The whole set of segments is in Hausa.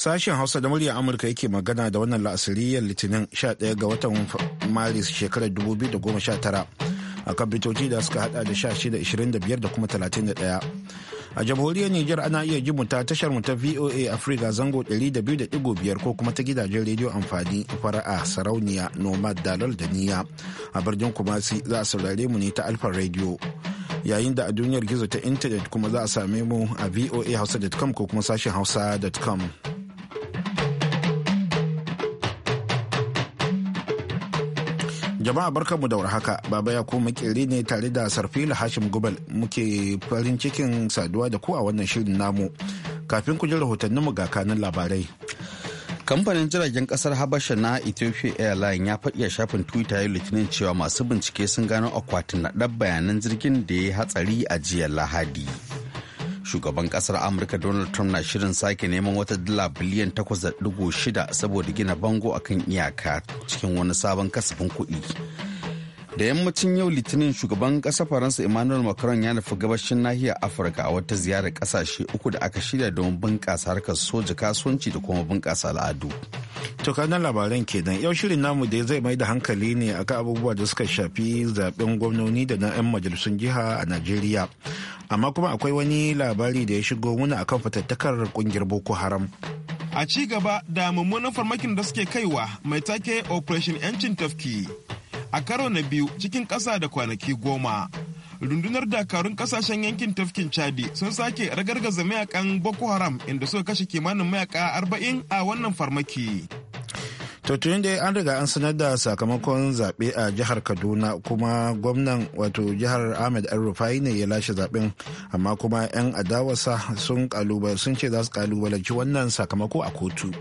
Sashen Hausa da murya Amurka yake magana da wannan la'asiriyar Litinin 11 ga watan Maris shekarar 2019 a kan bitoci da suka hada da 1625 da kuma 31. A jamhuriyar niger ana iya ji ta tashar mu ta VOA Africa zango 200.5 ko kuma ta gidajen rediyo amfani fara'a sarauniya nomad dalal da niya a birnin Kumasi za a saurare mu ne ta Alfa rediyo yayin da a duniyar gizo ta intanet kuma za a same mu a hausa.com ko kuma sashen hausa.com. Jama'a mu da warhaka, Baba ya kuma makeri ne tare da Sarfila Hashim Gubal muke farin cikin saduwa da ku a wannan shirin namu. Kafin ku ji rahotanninmu ga kanin labarai. Kamfanin jiragen kasar Habasha na Ethiopia Airline ya faɗi a shafin Twitter ya litinin cewa masu bincike sun gano akwatin naɗar bayanan jirgin da ya hatsari a jiya Lahadi. shugaban kasar amurka donald trump na shirin sake neman wata dala biliyan 8.6 saboda gina bango akan iyaka cikin wani sabon kasafin kuɗi da yammacin yau litinin shugaban kasa faransa emmanuel macron ya nufi gabashin nahiyar afirka a wata ziyarar kasashe uku da aka shirya domin bunƙasa harkar soja kasuwanci da kuma bunƙasa al'adu to kanan labaran kenan yau shirin namu da zai mai da hankali ne akan abubuwa da suka shafi zaben gwamnoni da na 'yan majalisun jiha a najeriya amma kuma akwai wani labari da ya shigo muna akan fatattakar kungiyar boko haram a ci gaba da mummunan farmakin da suke kaiwa mai take operation yancin tafki a karo na biyu cikin ƙasa da kwanaki goma rundunar dakarun kasashen yankin tafkin chadi sun sake ragargaza mayakan boko haram inda suka kashe kimanin mayaka arba'in a wannan farmaki to tun dai an riga an sanar da sakamakon zaɓe a jihar kaduna kuma gwamnan wato jihar ahmed al rufai ne ya lashe zaɓen amma kuma 'yan adawarsa sun ce za su kalubalanci wannan sakamako a kotu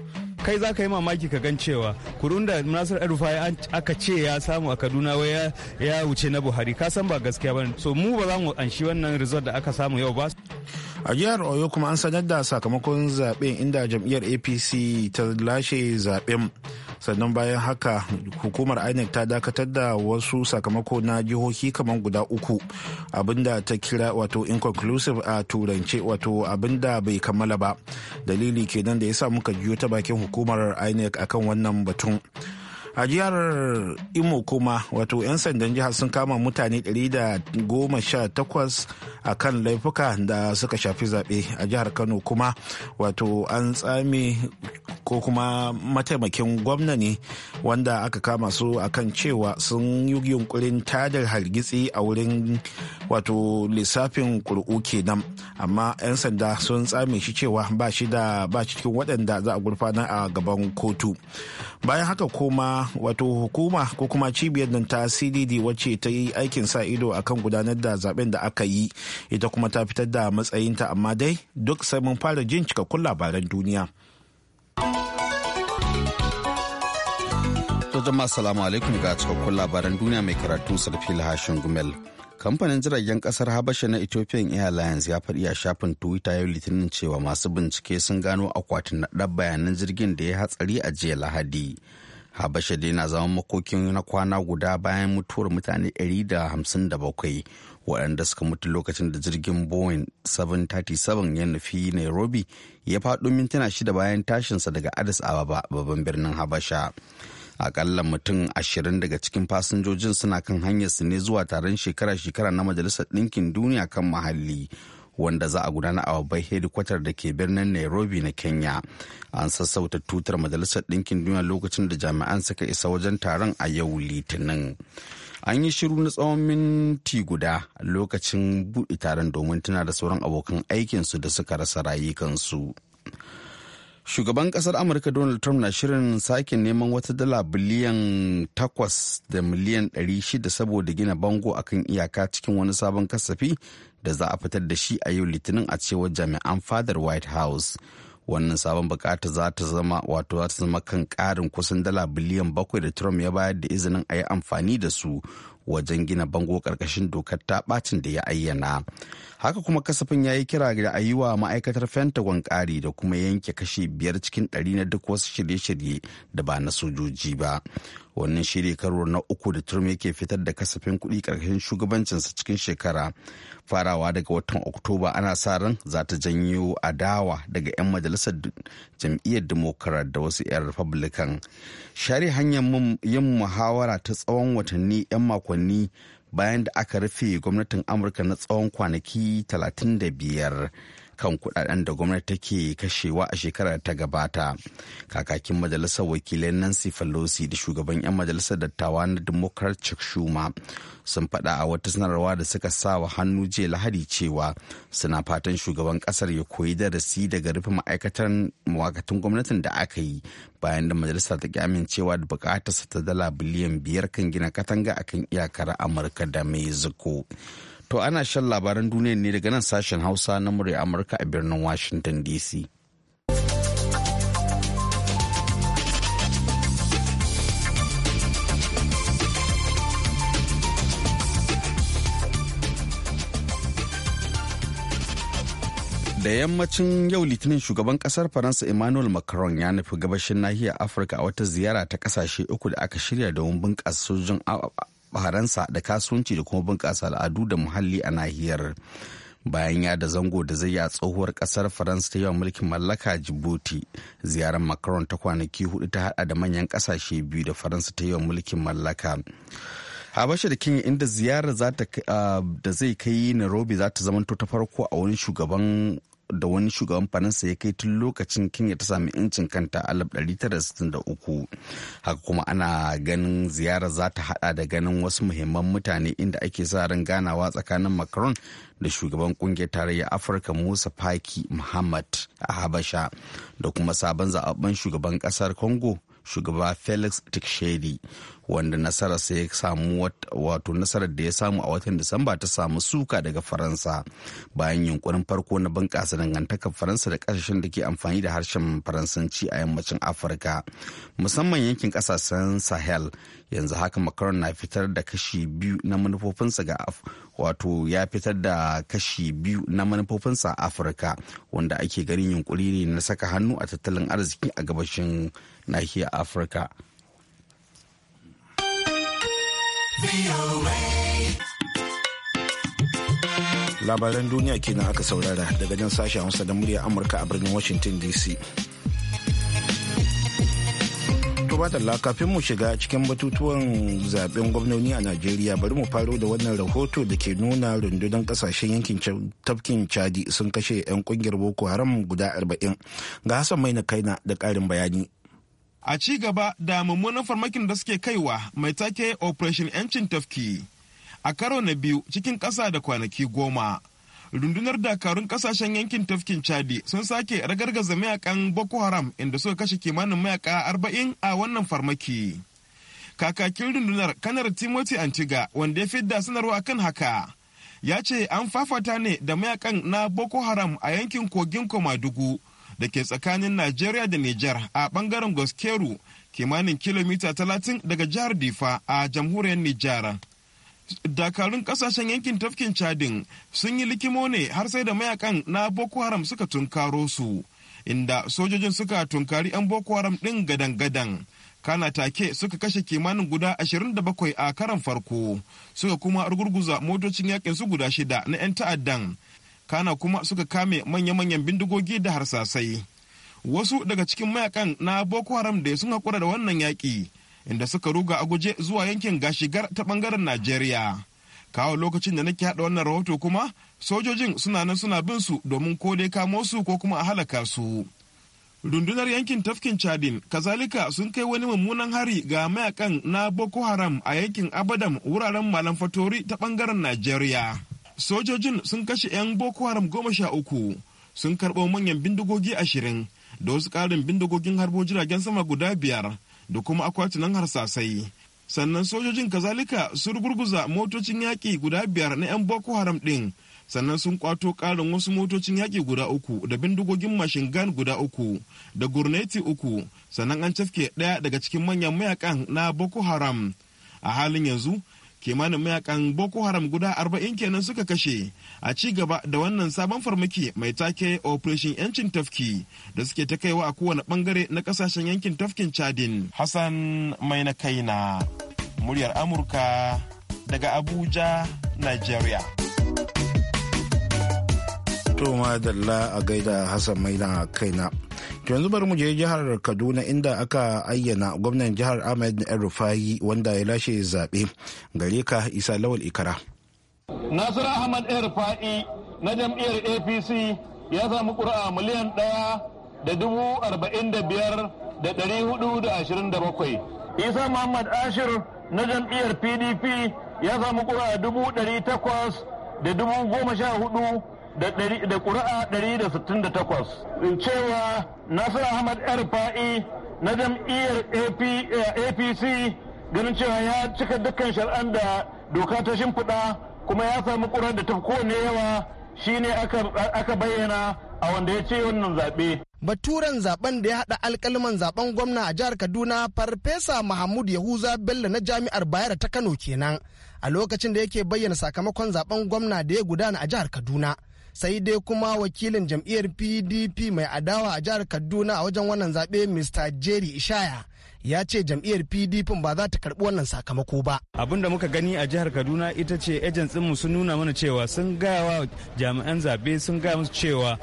kai za ka yi mamaki ka gan cewa kurun da nasir rufai aka ce ya samu a kaduna wai ya wuce na buhari ka san ba gaskiya ba so mu ba za mu anshi wannan result da aka samu yau ba a jihar oyo kuma an sanar da sakamakon zaɓen inda jam'iyyar apc ta lashe zaɓen sannan bayan haka hukumar inec ta dakatar da wasu sakamako na jihohi kamar guda uku abinda ta kira wato inconclusive a turance wato abinda bai kammala ba dalili kenan da ya sa muka juyo ta bakin hukumar inec akan wannan batun a jihar imo kuma wato 'yan sandan jihar sun kama mutane 118 a kan laifuka da suka shafi zaɓe a jihar kano kuma wato an tsami ko kuma mataimakin gwamna ne wanda aka kama su akan cewa sun yi yunkurin tadar hargitsi a wurin wato lissafin kur'u kenan amma 'yan sanda sun tsame shi cewa ba shi da ba cikin waɗanda za a gurfana a gaban kotu bayan haka kuma wato hukuma ko kuma cibiyar nan ta cdd wacce ta yi aikin sa ido akan gudanar da zaben da aka yi ita kuma ta fitar da matsayinta amma dai duk sai mun fara jin cikakkun labaran duniya jama'a assalamu alaikum ga cikakkun labaran duniya mai karatu sarfil hashin gumel kamfanin jiragen kasar habasha na ethiopian airlines ya faɗi a shafin twitter yau litinin cewa masu bincike sun gano akwatin naɗar bayanan jirgin da ya hatsari a jiya lahadi habasha dai na zama makokin na kwana guda bayan mutuwar mutane 157 waɗanda suka mutu lokacin da jirgin boeing 737 ya nufi nairobi ya faɗo mintuna shida bayan tashinsa daga addis ababa babban birnin habasha akalla mutum ashirin daga cikin fasinjojin suna kan hanyar su ne zuwa taron shekara-shekara na majalisar ɗinkin duniya kan mahalli. wanda za a gudana a babbar hedikwatar da ke birnin nairobi na kenya an sassauta tutar majalisar ɗinkin duniya lokacin da jami'an suka isa wajen taron a yau litinin an yi shiru na tsawon minti guda lokacin buɗe taron domin tuna da sauran abokan aikinsu da suka rasa rayukansu shugaban kasar amurka donald trump na shirin sake neman wata dala biliyan 8 da miliyan 600 saboda gina bango akan iyaka cikin wani sabon kasafi da za a fitar da shi a yau litinin a cewar jami'an fadar white house wannan sabon bukata za ta zama wato za ta zama kan karin kusan dala biliyan bakwai da trump ya bayar da izinin a yi amfani da su wajen gina bango karkashin dokar ta bacin da ya ayyana haka kuma kasafin ya yi kira da a yi wa ma'aikatar pentagon ƙari da kuma yanke kashe biyar cikin ɗari na duk wasu shirye-shirye da ba na sojoji ba wannan shirye karo na uku da turmi yake fitar da kasafin kuɗi ƙarshen shugabancinsa cikin shekara farawa daga watan oktoba ana sa ran za ta janyo adawa daga 'yan majalisar jam'iyyar democrat da wasu 'yan republican share hanyar yin muhawara ta tsawon watanni 'yan makonni bayan da aka rufe gwamnatin amurka na tsawon kwanaki 35 kan kudaden da gwamnati take kashewa a shekarar ta gabata kakakin majalisar wakilai nancy pelosi da shugaban 'yan majalisar dattawa na democrat chuck sun faɗa a wata sanarwa da suka sa wa hannu jiya lahadi cewa suna fatan shugaban ƙasar ya koyi darasi daga rufe ma'aikatan mawakatun gwamnatin da aka yi bayan da majalisar ta ki amincewa da bukatarsa ta dala biliyan biyar kan gina katanga akan iyakar amurka da mexico To ana shan labaran duniya ne daga nan sashen Hausa na murya Amurka a birnin Washington DC. da yammacin yau litinin shugaban kasar faransa emmanuel macron ya nufi gabashin nahiyar afirka a wata ziyara ta kasashe uku da aka shirya domin bunƙasa sojin faransa da kasuwanci da kuma bunƙasa al'adu da muhalli a nahiyar bayan ya da zango da zai yi a tsohuwar kasar faransa ta yawan mulkin mallaka jibuti ziyarar macron ta kwanaki hudu ta hada da manyan kasashe biyu da faransa ta yawan mulkin mallaka habasha da kenya inda ziyarar ah, da zai kai nairobi za ta zamanto ta farko a wani shugaban da wani shugaban faransa ya kai tun lokacin kenya ta sami incin kanta a uku haka kuma ana ganin ziyarar za ta hada da ganin wasu muhimman mutane inda ake sa ran ganawa tsakanin macron da shugaban kungiyar tarayyar afirka musa faki muhammad a habasha da kuma sabon zaɓaɓɓen shugaban ƙasar congo shugaba felix tikshedi wanda nasararsa ya samu wato nasarar da ya samu a watan disamba ta samu suka daga faransa bayan yunkurin farko na bunƙasa dangantakar faransa da ƙasashen da ke amfani da harshen faransanci a yammacin afirka musamman yankin ƙasashen sahel yanzu haka macron na fitar da kashi biyu na manufofinsa ga wato ya fitar da kashi biyu na manufofinsa a afirka wanda ake ganin yunkuri ne na saka hannu a tattalin arziki a gabashin nahiyar afirka labaran duniya kenan aka saurara daga nan sashen hausa da murya amurka a birnin washington dc tubatalla kafin mu shiga cikin batutuwan zaben gwamnoni a najeriya bari mu faro da wannan rahoto da ke nuna rundunar kasashen yankin tafkin chadi sun kashe 'yan kungiyar boko haram guda 40 ga hassan mai na kaina da karin bayani a ci gaba da mummunan farmakin da suke kaiwa mai take operation 'yancin tafki a karo na biyu cikin ƙasa da kwanaki goma rundunar dakarun ƙasashen yankin tafkin chadi sun sake ragargaza mayakan boko haram inda suka kashe kimanin mayaka arba'in a wannan farmaki kakakin rundunar kanar timothy antiga wanda ya fidda sanarwa kan haka ya ce an fafata ne da mayakan na boko haram a yankin kogin komadugu da ke tsakanin Najeriya da Nijar a bangaren Goskeru kimanin kilomita talatin daga jihar Difa a jamhuriyar Nijar. Dakarun kasashen yankin tafkin Chadin sun yi likimo ne har sai da mayakan na Boko Haram suka tunkaro su, inda sojojin suka tunkari 'yan Boko Haram ɗin gadan-gadan. kana take suka kashe kimanin guda 27 a karan farko suka kuma rugurguza motocin yakin su guda shida na 'yan ta'addan kana kuma suka kame manya-manyan bindigogi da harsasai wasu daga cikin mayakan na boko haram da sun haƙura da wannan yaƙi inda suka ruga a guje zuwa yankin gashigar ta ɓangaren najeriya kawo lokacin da nake haɗa wannan rahoto kuma sojojin suna nan suna bin su domin ko dai kamo su ko kuma a halaka su rundunar yankin tafkin chadin kazalika sun kai wani mummunan hari ga mayakan na boko haram a yankin abadam wuraren malam fatori ta ɓangaren najeriya sojojin sun kashe 'yan boko haram goma sha uku sun karɓo manyan bindigogi ashirin da wasu ƙarin bindigogin harbo jiragen sama guda biyar da kuma akwatunan harsasai sannan sojojin kazalika sun gurguza motocin yaƙi guda biyar na 'yan boko haram ɗin sannan sun kwato ƙarin wasu motocin yaƙi guda uku da bindigogin mashin gan guda uku da gurneti uku sannan an cafke ɗaya daga cikin manyan mayakan na boko haram a halin yanzu kimanin mayakan boko haram guda arba'in kenan suka kashe a ci gaba da wannan sabon farmaki mai take operation yancin tafki da suke ta kaiwa a kowane bangare na kasashen yankin tafkin chadin hassan mai na kaina muryar amurka daga abuja nigeria to madalla a gaida hassan maina kaina to yanzu bari mu je jihar kaduna inda aka ayyana gwamnan jihar ahmed rufayi wanda ya lashe zaɓe gare ka isa lawal ikara nasiru ahmad rufayi na jam'iyyar apc ya samu ƙuri'a miliyan ɗaya da dubu arba'in da biyar da ɗari hudu da ashirin da bakwai isa muhammad ashir na jam'iyyar pdp ya samu kuri'a dubu ɗari takwas da dubu goma sha hudu da ƙuri'a 168 cewa nasir ahmad rufa'i na jam'iyyar apc eh, ganin cewa ya cika dukkan shari'an da doka ta shimfiɗa kuma ya samu ƙuri'ar da ta kowane yawa shine aka bayyana a wanda ya ce wannan zaɓe. baturen zaben da ya haɗa alkaliman zaben gwamna a jihar kaduna farfesa mahmud yahuza bello na jami'ar bayar ta kano kenan a lokacin da yake bayyana sakamakon zaben gwamna da ya gudana a jihar kaduna sai dai kuma wakilin jam'iyyar pdp mai adawa a jihar kaduna a wajen wannan zaɓe mr jerry ishaya ya ce jam'iyyar pdp ba za ta karbi wannan sakamako ba abinda muka gani a jihar kaduna ita ce agents mu sun nuna mana cewa sun gaya wa jami'an zabe sun gaya musu cewa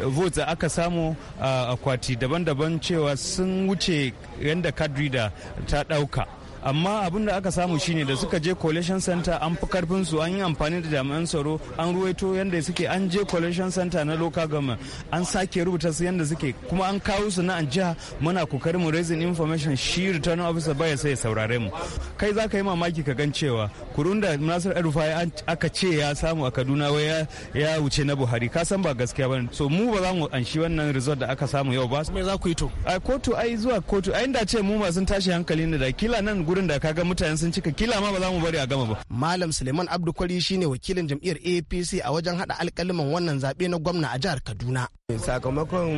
eh, votes aka samu a akwati daban-daban cewa sun wuce yadda kadrida ta ɗauka amma abin da aka samu shine da suka je collation center an fi karfin su an yi amfani da jami'an tsaro an ruwaito yadda suke an je collation center na local government an sake rubuta su yadda suke kuma an kawo su na anja muna kokarin mu raising information shi return officer baya sai ya saurare mu kai za ka yi mamaki ka gan cewa kurun da nasir rufai aka ce ya samu a kaduna wai ya wuce na buhari ka san ba gaskiya bane so mu ba za mu anshi wannan result da aka samu yau ba me za ku yi to ai kotu ai zuwa kotu ai da ce mu sun tashi hankali ne da kila nan wurin da kaga mutane sun cika kila ma ba za mu bari a gama ba malam suleiman abdu kwari shine wakilin jam'iyyar apc a wajen haɗa alkaliman wannan zaɓe na gwamna a jihar kaduna sakamakon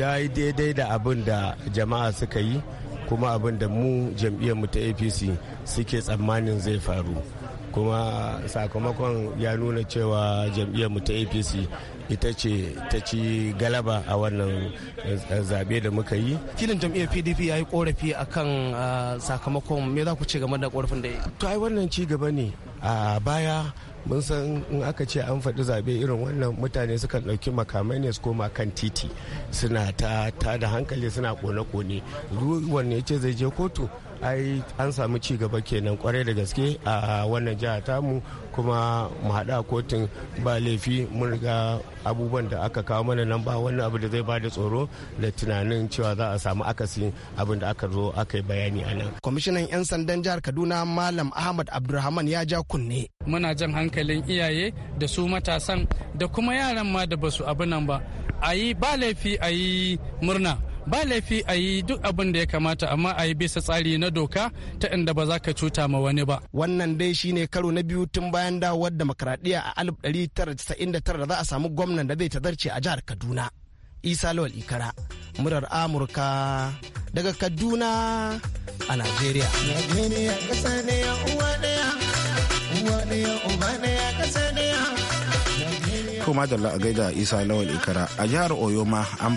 ya yi daidai da abin da jama'a suka yi kuma abin da mu jam'iyyar mu ta apc suke tsammanin zai faru kuma sakamakon ya nuna cewa jam'iyyar mu ta apc ita ce ta ci galaba a wannan eh, zabe da muka yi filin jam'iyyar pdp ya yi korafi kan ah, sakamakon me za ku ci game da korafin da ya to ai wannan ci gaba ne a baya mun san in aka ce an faɗi zaɓe irin wannan mutane sukan ɗauki makamai ne su koma kan titi suna ta da hankali suna kone-kone ruwan ne ce zai je kotu ai an samu ci gaba kenan kwarai da gaske a wannan jiha tamu kuma mu haɗa kotun ba laifi mun riga abubuwan da aka kawo mana nan ba wani abu da zai ba da tsoro da tunanin cewa za a samu akasin abin da aka zo aka yi bayani a nan. kwamishinan 'yan sandan jihar kaduna malam ahmad abdulrahman ya ja kunne. muna jan hankalin iyaye da su matasan da kuma yaran ma da basu abu nan ba a yi ba laifi a yi murna ba laifi a yi duk abin da ya kamata amma a yi bisa tsari na doka ta inda ba za ka cuta ma wani ba wannan dai shine karo na biyu tun bayan dawowar demokradiyya a alif tara da za a samu gwamnan da zai zarce a jihar kaduna isa lawal ikara murar amurka daga kaduna a nigeria uba To madalla a gaida Isa Lawal Ikara a jihar Oyo ma an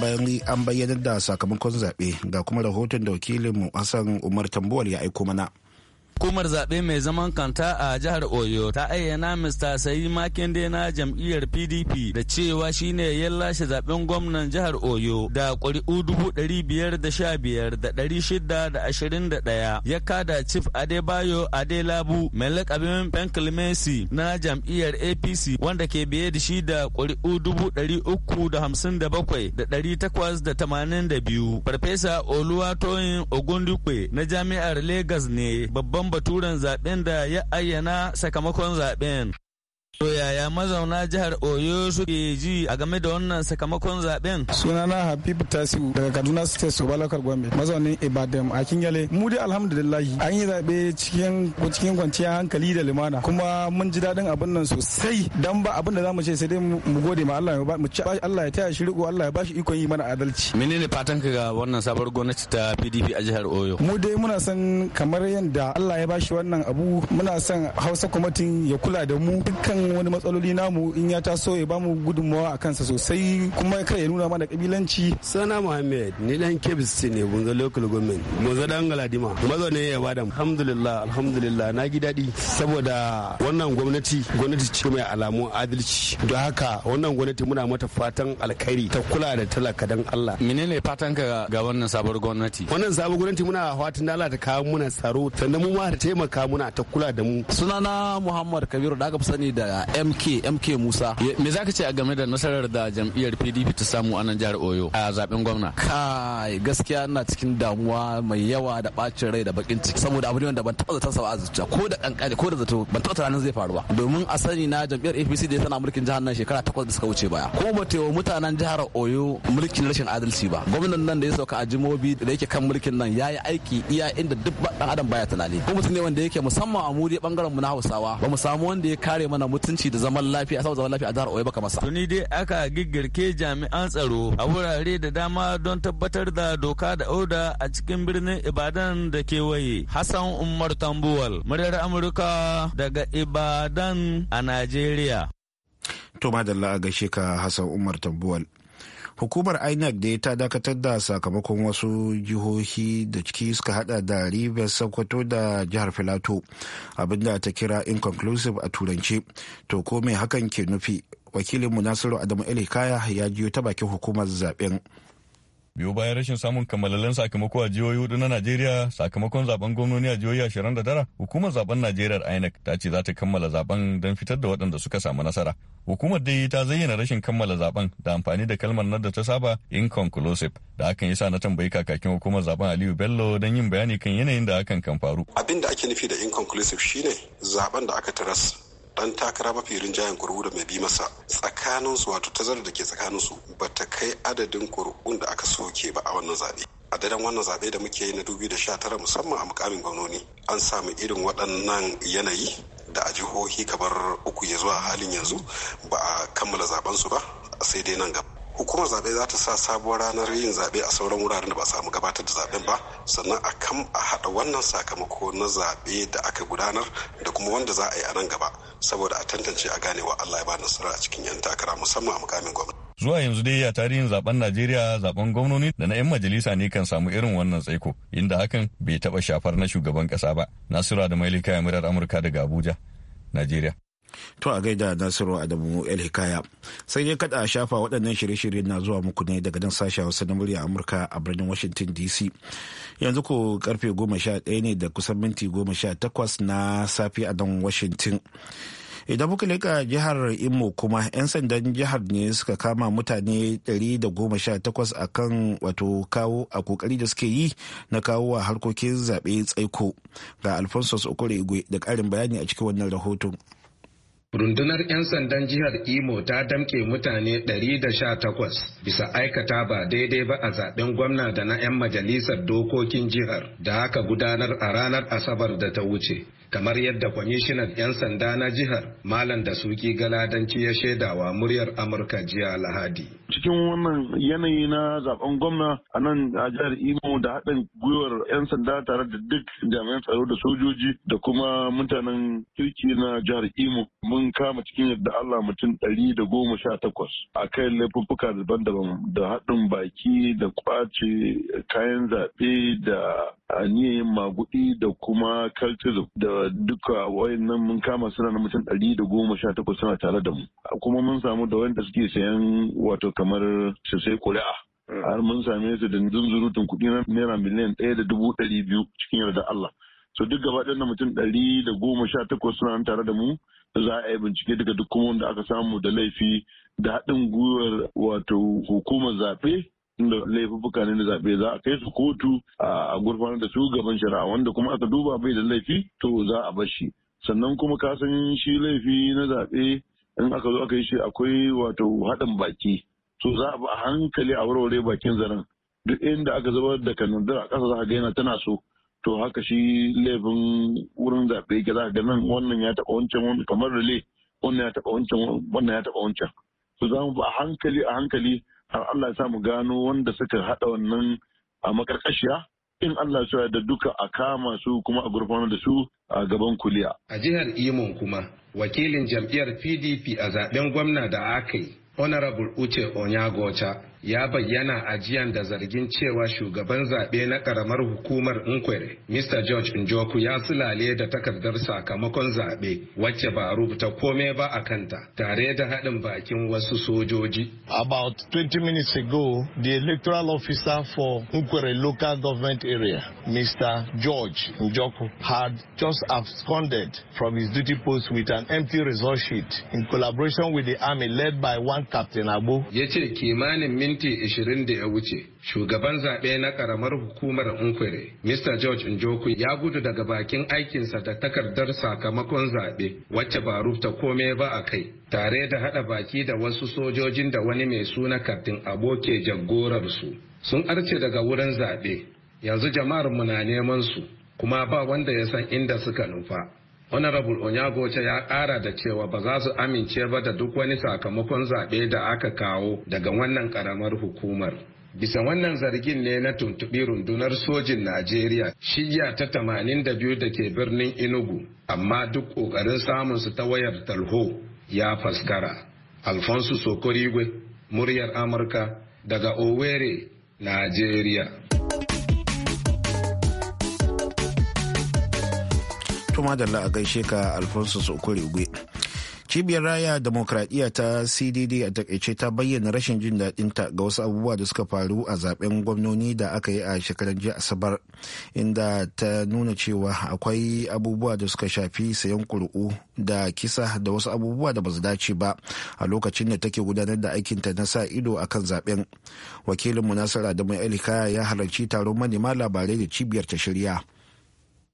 bayyanar da sakamakon zaɓe ga kuma rahoton da wakilinmu Hassan Umar Tambuwal ya aiko mana. Hukumar zaɓe mai zaman kanta a jihar Oyo ta ayyana Mr. Sayi Makinde na jam'iyyar PDP da cewa shine ya lashe zaɓen gwamnan jihar Oyo da ƙuri'u dubu ɗari biyar da sha biyar da ɗari shida da ashirin da ɗaya ya kada Chief Adebayo Adelabu mai lakabin Messi, na jam'iyyar APC wanda ke biye da shi da ƙuri'u dubu ɗari uku da hamsin da bakwai da ɗari takwas da tamanin da biyu. Farfesa Oluwatoyin Ogundukwe na jami'ar Legas ne babban baturen zaben da ya ayyana sakamakon zaben. To yaya mazauna jihar Oyo suke ji a game da wannan sakamakon zaben? Sunana Habibu Tasiu daga Kaduna State Sobalakar Gombe, mazaunin Ibadan a Kingale. Mu dai alhamdulillahi an yi zabe cikin cikin kwanciyar hankali da limana kuma mun ji daɗin abin nan sosai dan ba abin da zamu ce sai dai mu gode ma Allah mu ci Allah ya taya shi riko Allah ya bashi ikon yi mana adalci. Menene fatan ka ga wannan sabuwar gwamnati ta PDP a jihar Oyo? Mu dai muna son kamar yadda Allah ya bashi wannan abu muna son Hausa kwamitin ya kula da mu dukkan wani matsaloli namu in ya taso ya bamu gudunmawa a kansa sosai kuma kai ya nuna mana kabilanci sana muhammed ni dan kebis ne bunza local government bunza dan galadima mazaunin ya bada alhamdulillah alhamdulillah na gida daɗi saboda wannan gwamnati gwamnati ce mai alamu adalci don haka wannan gwamnati muna mata fatan alkhairi ta kula da talaka dan Allah menene fatan ka ga wannan sabuwar gwamnati wannan sabuwar gwamnati muna fatan Allah ta kawo muna tsaro sannan mu ma ta taimaka muna ta kula da mu sunana muhammad kabiru da aka fi sani da mk mk musa me zaka ce a game da nasarar da jam'iyyar pdp ta samu a nan jihar oyo a zaben gwamna kai gaskiya ina cikin damuwa mai yawa da bacin rai da bakin ciki saboda abu ne ban taɓa zaton sa ba a zuciya ko da kankani ko da zato ban taɓa tunanin zai faru ba domin a sani na jam'iyyar apc da tana mulkin jihar nan shekara takwas da suka wuce baya ko ba yi mutanen jihar oyo mulkin rashin adalci ba gwamnan nan da ya sauka a jimobi da yake kan mulkin nan ya yi aiki iya inda duk dan adam baya tunani ko mutum ne wanda yake musamman a muri bangaren mu na hausawa ba mu samu wanda ya kare mana mutunci da zaman lafiya saboda zaman lafiya a jihar Oyo masa. Tuni dai aka giggirke jami'an tsaro a wurare da dama don tabbatar da doka da oda a cikin birnin Ibadan da kewaye. Hassan Umar Tambuwal, muryar Amurka daga Ibadan a Najeriya. To madalla a gaishe ka Hassan Umar Tambuwal. hukumar inec da ta dakatar da sakamakon wasu jihohi da ciki suka hada da rivers sokoto da jihar filato abinda ta kira inconclusive a turance to ko mai hakan ke nufi wakilinmu nasiru adamu ilikaya ya jiyo ta bakin hukumar zaben biyu bayan rashin samun kammalalan sakamako a jihohi hudu na Najeriya sakamakon zaben gwamnoni a jihohi ashirin da tara hukumar zaben Najeriya INEC ta ce za ta kammala zaben don fitar da waɗanda suka samu nasara. Hukumar dai ta zayyana rashin kammala zaben da amfani da kalmar nan da ta saba inconclusive da hakan yasa na tambayi kakakin hukumar zaben Aliyu Bello don yin bayani kan yanayin da hakan kan faru. Abin da ake nufi da inconclusive shine zaben da aka taras dan takara mafi rinjayen kuri'u da mai bi masa tsakanin su wato tazarar da ke tsakanin su ba ta kai adadin kuri'un da aka soke ba a wannan zaɓe a daren wannan zaɓe da muke yi na 2019 musamman a mukamin gwamnoni an samu irin waɗannan yanayi da a jihohi kamar uku ya zuwa halin yanzu ba a kammala zaben su ba sai dai nan gaba hukumar zaɓe za ta sa sabuwar ranar yin zaɓe a sauran wuraren da ba samu gabatar da zaɓen ba sannan a kan a haɗa wannan sakamako na zaɓe da aka gudanar da kuma wanda za a yi a nan gaba saboda a tantance a gane wa Allah ya ba nasara a cikin 'yan takara musamman a mukamin gwamnati. zuwa yanzu dai a tarihin zaben Najeriya zaben gwamnoni da na 'yan majalisa ne kan samu irin wannan tsaiko inda hakan bai taɓa shafar na shugaban kasa ba. Nasura da Mailika murar Amurka daga Abuja, Najeriya. To a gaida Nasiru Adamu El Hikaya. Sai dai kada a shafa waɗannan shirye shiryen na zuwa muku ne daga nan sashen Hausa na murya Amurka a birnin Washington DC. Yanzu ko karfe goma sha ɗaya ne da kusan minti goma sha takwas na safe a nan Washington. Idan muka leƙa jihar Imo kuma 'yan sandan jihar ne suka kama mutane 118 a kan wato kawo a kokari da suke yi na kawo wa harkokin zaɓe tsaiko ga Alphonsus Okoro Igwe da ƙarin bayani a cikin wannan rahoton. Rundunar 'yan sandan jihar Imo ta damke mutane 118 bisa aikata ba daidai ba a zaben gwamna da na 'yan majalisar dokokin jihar da aka gudanar a ranar Asabar da ta wuce. Kamar yadda kwamishinan 'yan sanda na jihar Malam da Suki Galadanci ya shaidawa muryar Amurka jiya Lahadi. cikin wannan yanayi na zaben gwamna a nan a jihar Imo da haɗin gwiwar 'yan sanda tare da duk jami'an tsaro da sojoji da kuma mutanen kirki na jihar Imo mun kama cikin yadda Allah mutum ɗari da goma sha takwas a kai laifuffuka daban-daban da haɗin baki da kwace kayan zaɓe da aniyayin maguɗi da kuma cultism da duka wayannan mun kama suna na mutum ɗari da goma sha takwas suna tare da mu kuma mun samu da wanda suke sayan wato kamar su sai kuri'a mm. har mun same su da zunzurutun kuɗi na naira miliyan ɗaya da dubu ɗari biyu cikin yarda Allah. So duk gaba ɗaya na mutum ɗari da goma sha takwas suna nan tare da mu za a yi bincike daga duk kuma wanda aka samu da laifi da haɗin gwiwar wato hukumar zaɓe inda laifuka ne na zaɓe za a kai su kotu a gurfanar da su gaban shari'a wanda kuma aka duba bai da laifi to za a bar shi. Sannan kuma ka san shi laifi na zaɓe in aka zo aka yi shi akwai wato haɗin baki. su za a ba hankali a warware bakin zaren duk inda aka zubar da kanundar a ƙasa za a yana tana so to haka shi laifin wurin zaɓe yake za ka ga nan wannan ya taɓa wancan wani kamar rale wannan ya taɓa wancan wannan ya taɓa wancan su za mu ba a hankali a hankali har Allah ya sa mu gano wanda suka haɗa wannan a makarƙashiya in Allah ya da duka a kama su kuma a gurfana da su a gaban kuliya. A jihar Imo kuma wakilin jam'iyyar PDP a zaben gwamna da aka yi Honorable Uche Onyagocha ya bayyana ajiyan da zargin cewa shugaban zaɓe na ƙaramar hukumar Nkwere, Mr. George Njoku ya sulale da takardar sakamakon zaɓe wacce ba a rubuta kome ba a kanta tare da haɗin bakin wasu sojoji. About 20 minutes ago, the electoral officer for Nkwere local government area, Mr. George Njoku, had just absconded from his duty post with an empty result sheet in collaboration with the army led by one Captain Abu. Ya ce kimanin minti 20 da ya wuce shugaban zaɓe na karamar hukumar Nkwere Mr. George Njoku ya gudu daga bakin aikinsa da takardar sakamakon zaɓe wacce ba rubuta komai ba a kai tare da haɗa baki da wasu sojojin da wani mai suna katin Aboke jagorarsu sun arce daga wurin zaɓe yanzu jama'ar mu na neman su kuma ba wanda ya san inda suka nufa honorable onyagocha ya kara da cewa ba za su amince ba da duk wani sakamakon zaɓe da aka kawo daga wannan karamar hukumar bisa wannan zargin ne na tuntuɓi rundunar sojin najeriya shiya ta tamanin da biyu da ke birnin inugu amma duk ƙoƙarin samunsu ta wayar talho ya faskara alfonso sokorigwe muryar amurka daga owerri najeriya to madalla a gaishe ka alfonso sokorigwe cibiyar raya demokradiyya ta cdd a takaice ta bayyana rashin jin daɗinta ga wasu abubuwa da suka faru a zaben gwamnoni da aka yi a shekaran jiya asabar inda ta nuna cewa akwai abubuwa da suka shafi sayan kuri'u da kisa da wasu abubuwa da ba su dace ba a lokacin da take gudanar da aikinta na sa ido a kan zaben wakilin munasara da mai alika ya halarci taron manema labarai da cibiyar ta shirya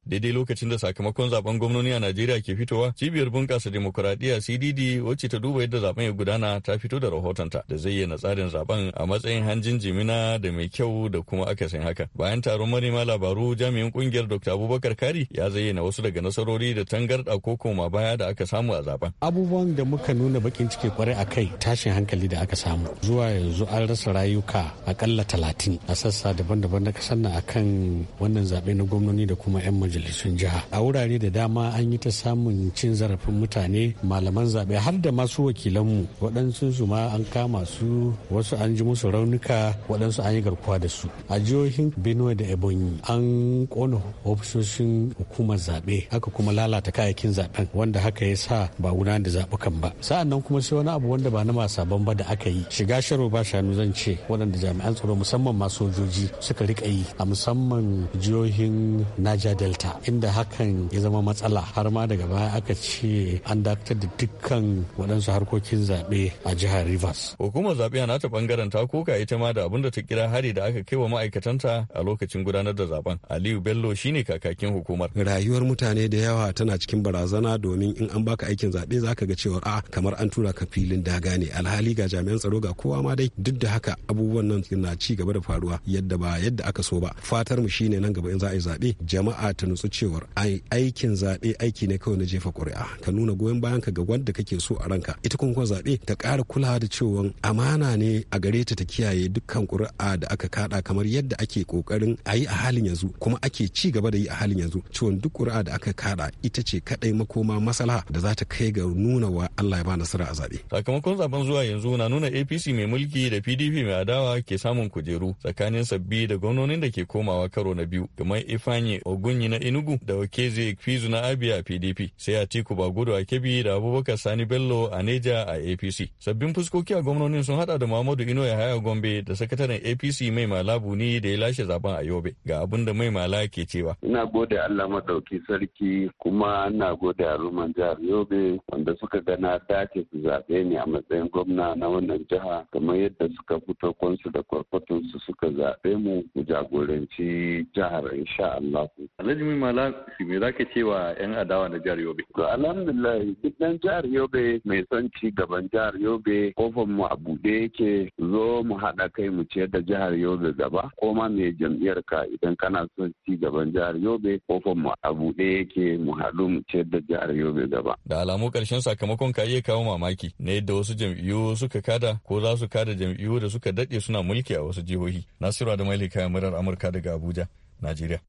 daidai lokacin da sakamakon zaben gwamnoni a najeriya ke fitowa cibiyar bunƙasa demokuraɗiyya cdd wacce ta duba yadda zaben ya gudana ta fito da rahotonta da zayyana tsarin zaben a matsayin hanjin jimina da mai kyau da kuma akasin haka bayan taron manema labaru jami'in ƙungiyar dr abubakar kari ya zayyana wasu daga nasarori da tangarɗa ko koma baya da aka samu a zaben abubuwan da muka nuna bakin ciki kwarai a kai tashin hankali da aka samu zuwa yanzu an rasa rayuka akalla talatin a sassa daban-daban na kasar nan akan wannan zaɓe na gwamnoni da kuma 'yan sun jiha a wurare da dama an yi ta samun cin zarafin mutane malaman zaɓe har da masu wakilanmu waɗansu su ma an kama su wasu an ji musu raunuka waɗansu an yi garkuwa da su a jihohin benue da ebonyi an ƙona ofisoshin hukumar zaɓe aka kuma lalata kayayyakin zaɓen wanda haka ya sa ba gudanar da zaɓukan ba sa'an nan kuma sai wani abu wanda ba na ban ba da aka yi shiga sharo ba shanu zan ce waɗanda jami'an tsaro musamman ma sojoji suka riƙa yi a musamman jihohin naja delta ta inda hakan ya zama matsala har ma daga baya aka ce an dakatar da dukkan waɗansu harkokin zaɓe a jihar Rivers. Hukumar zaɓe na ta bangaren ta koka ita ma da abin da ta kira hari da aka kai wa ma'aikatanta a lokacin gudanar da zaben. Aliyu Bello shine kakakin hukumar. Rayuwar mutane da yawa tana cikin barazana domin in an baka aikin zaɓe za ka ga cewa a ah, kamar an tura ka filin daga ne alhali ga jami'an tsaro ga kowa ma dai duk da haka abubuwan nan na ci gaba da faruwa yadda ba yadda aka so ba. Fatar mu shine nan gaba in za a yi zaɓe jama'a ta nutsu cewar aikin zaɓe aiki ne kawai na jefa ƙuri'a ka nuna goyon bayan ka ga wanda kake so a ranka ita kuma zaɓe ta ƙara kula da cewa amana ne a gare ta ta kiyaye dukkan ƙuri'a da aka kaɗa kamar yadda ake ƙoƙarin a yi a halin yanzu kuma ake ci gaba da yi a halin yanzu cewa duk ƙuri'a da aka kaɗa ita ce kaɗai makoma masala da za ta kai ga nuna wa Allah ya ba nasara a zaɓe. Sakamakon zaben zuwa yanzu na nuna APC mai mulki da PDP mai adawa ke samun kujeru tsakanin sabbi da gwamnonin da ke komawa karo na biyu kamar Ifanye Ogunyi na Enugu da Okeze Kwizu na Abia a PDP sai Atiku Bagudu a Kebbi da Abubakar Sani Bello a Neja a APC. Sabbin fuskoki a gwamnonin sun hada da Muhammadu Ino ya haya Gombe da sakataren APC Mai Malabu ne da ya lashe zaben a Yobe ga abin da Mai Mala ke cewa. Ina gode Allah madauki sarki kuma ina gode al'umman jihar Yobe wanda suka gana dace su zaɓe ni a matsayin gwamna na wannan jiha kamar yadda suka fito kwansu da kwarkwatunsu suka zaɓe mu mu jagoranci jihar insha Allah. Alhaji malam me za ce wa 'yan adawa na jihar Yobe? To alhamdulillah duk dan jihar Yobe mai son ci gaban jihar Yobe kofar mu a buɗe yake zo mu haɗa kai mu ciyar da jihar Yobe gaba ko ma mai jam'iyyar ka idan kana son ci gaban jihar Yobe kofar mu a buɗe yake mu haɗu mu ciyar da jihar Yobe gaba. Da alamu ƙarshen sakamakon ka iya kawo mamaki ne da wasu jam'iyyu suka kada ko za su kada jam'iyyu da suka daɗe suna mulki a wasu jihohi. Nasiru Adamali kayan murar Amurka daga Abuja, Najeriya.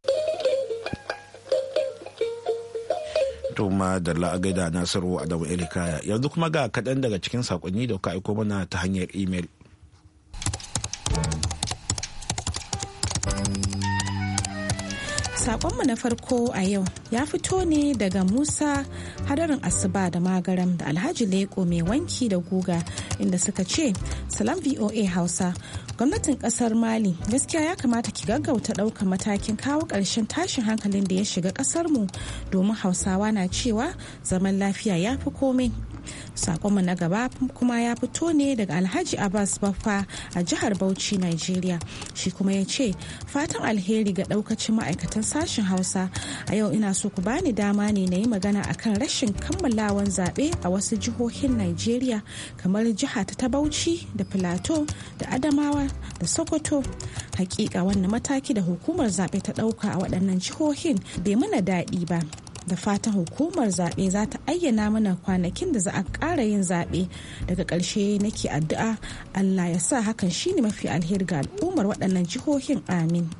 to da da la'agaida nasiru adamu ilikaya yanzu kuma ga kaɗan daga cikin saƙonni da kuka aiko mana ta hanyar imel Sakonmu na farko a yau ya fito ne daga Musa hadarin Asuba da Magaram da Alhaji Leko mai wanki da guga inda suka ce Salam VOA Hausa gwamnatin kasar Mali gaskiya ya kamata ki gaggauta ɗauka matakin kawo ƙarshen tashin hankalin da ya shiga kasarmu domin Hausawa na cewa zaman lafiya ya fi komai sakonmu na gaba kuma ya fito ne daga alhaji abbas baffa a jihar bauchi nigeria shi kuma ya ce fatan alheri ga daukacin ma'aikatan sashen hausa a yau ina so ku bani dama ne na yi magana akan rashin kammalawan zaɓe a wasu jihohin nigeria kamar jiha ta ta bauchi da filato da adamawa da sokoto hakika wannan mataki da hukumar zaɓe ta ɗauka a waɗannan jihohin bai mana daɗi ba da fatan hukumar zaɓe za ta ayyana mana kwanakin da za a ƙara yin zaɓe daga ƙarshe nake addu'a allah ya sa hakan shine mafi alheri ga al'ummar waɗannan jihohin amin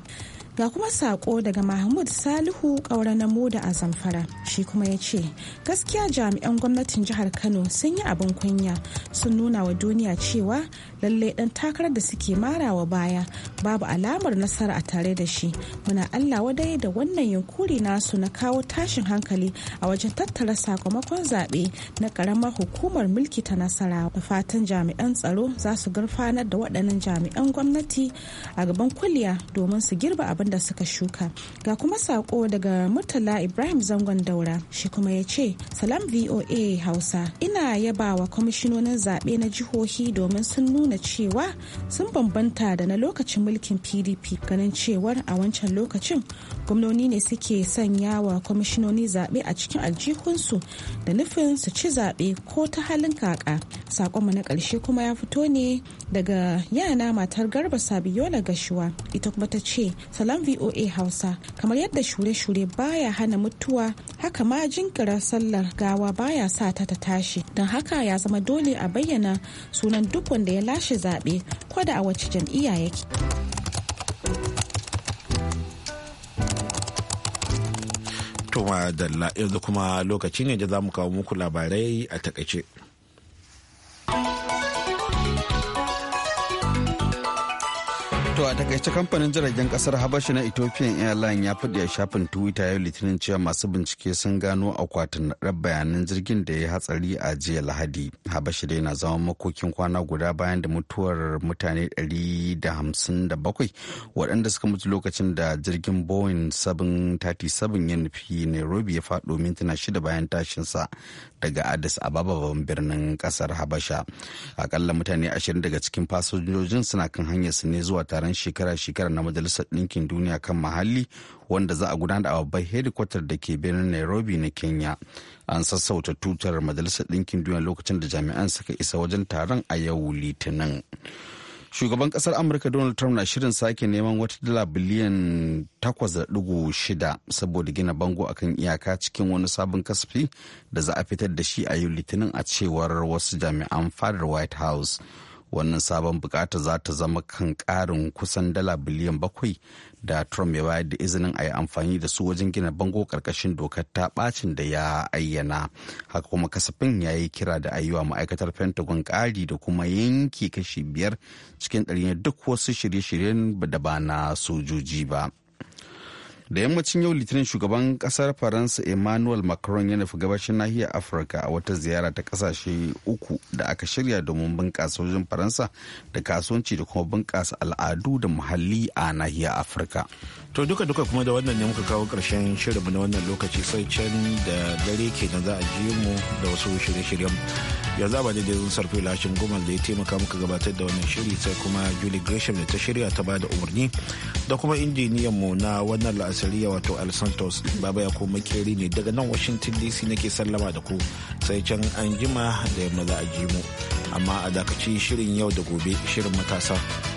Ga kuma sako daga Mahmud Salihu kaura na moda a Zamfara. Shi kuma ya ce, gaskiya jami'an gwamnatin jihar Kano sun yi abin kunya sun nuna wa duniya cewa lallai dan takarar da suke marawa baya babu alamar nasara a tare da shi. Muna Allah wadai da wannan yankuri nasu na kawo tashin hankali a wajen tattara sakamakon zaɓe na ƙaramar hukumar mulki ta nasara. Da fatan jami'an tsaro za su gurfanar da waɗannan jami'an gwamnati a gaban kuliya domin su girba abin wanda suka shuka ga kuma sako daga murtala ibrahim zangon daura shi kuma ya ce salam voa hausa ina yabawa wa kwamishinonin zaɓe na jihohi domin sun nuna cewa sun bambanta da na lokacin mulkin pdp ganin cewar a wancan lokacin gwamnoni ne suke sanya wa kwamishinoni zaɓe a cikin aljihunsu da nufin su ci zaɓe ko ta halin kaka sakonmu na ƙarshe kuma ya fito ne daga yana matar garba sabiola gashuwa ita kuma ta ce salam sauraron VOA Hausa kamar yadda shure-shure baya hana mutuwa haka ma jinkira sallar gawa baya sa ta ta tashi don haka ya zama dole a bayyana sunan duk wanda ya lashe zaɓe kwada a wacce jam'iyya yake. Tuma Dalla yanzu kuma lokaci ne da za mu kawo muku labarai a takaice. To a takaice kamfanin jiragen kasar Habashi na Ethiopian airline ya faɗi a shafin Twitter yau Litinin cewa masu bincike sun gano akwatin naɗar bayanan jirgin da ya yi hatsari a jiya Lahadi. Habashi dai na zama makokin kwana guda bayan da mutuwar mutane 157 waɗanda suka mutu lokacin da jirgin Boeing 737 ya nufi Nairobi ya faɗo mintuna shida bayan tashinsa daga addis ababa babban birnin kasar habasha akalla mutane ashirin daga cikin fasinjojin suna kan hanyar su ne zuwa taron shekara-shekara na majalisar ɗinkin duniya kan muhalli wanda za a gudanar da babbar hedikwatar da ke birnin nairobi na kenya an sassauta tutar majalisar ɗinkin duniya lokacin da jami'an suka isa wajen taron a yau litinin shugaban kasar amurka donald trump na shirin sake neman wata dala biliyan 8.6 saboda gina bango akan iyaka cikin wani sabon kasafi da za a fitar da shi a yi litinin a cewar wasu jami'an fadar white house wannan sabon bukata za ta zama kan karin kusan dala biliyan bakwai da trump ya bayar da izinin a yi amfani da su wajen gina bango karkashin dokar ta bacin da ya ayyana haka kuma kasafin ya yi kira da ayyuwa ma'aikatar pentagon kari da kuma yanke kashi biyar cikin ɗari duk wasu shirye-shiryen da ba na sojoji ba da yammacin yau litinin shugaban kasar faransa emmanuel macron ya nufi gabashin nahiyar afirka a wata ziyara ta kasashe uku da aka shirya domin bunƙasa wajen faransa da kasuwanci da kuma bunƙasa al'adu da muhalli a nahiyar afirka to duka duka kuma da wannan ne muka kawo karshen shirinmu na wannan lokaci sai can da dare ke na za a ji mu da wasu shirye-shiryen yanzu ba da yanzu sarfi lashin goma da ya taimaka muka gabatar da wannan shiri sai kuma julie gresham da ta shirya ta bada umarni da kuma injiniyan mu na wannan la'asariya wato al santos baba ya kuma keri ne daga nan washington dc nake sallama da ku sai can anjima da yamma za a ji mu amma a dakaci shirin yau da gobe shirin matasa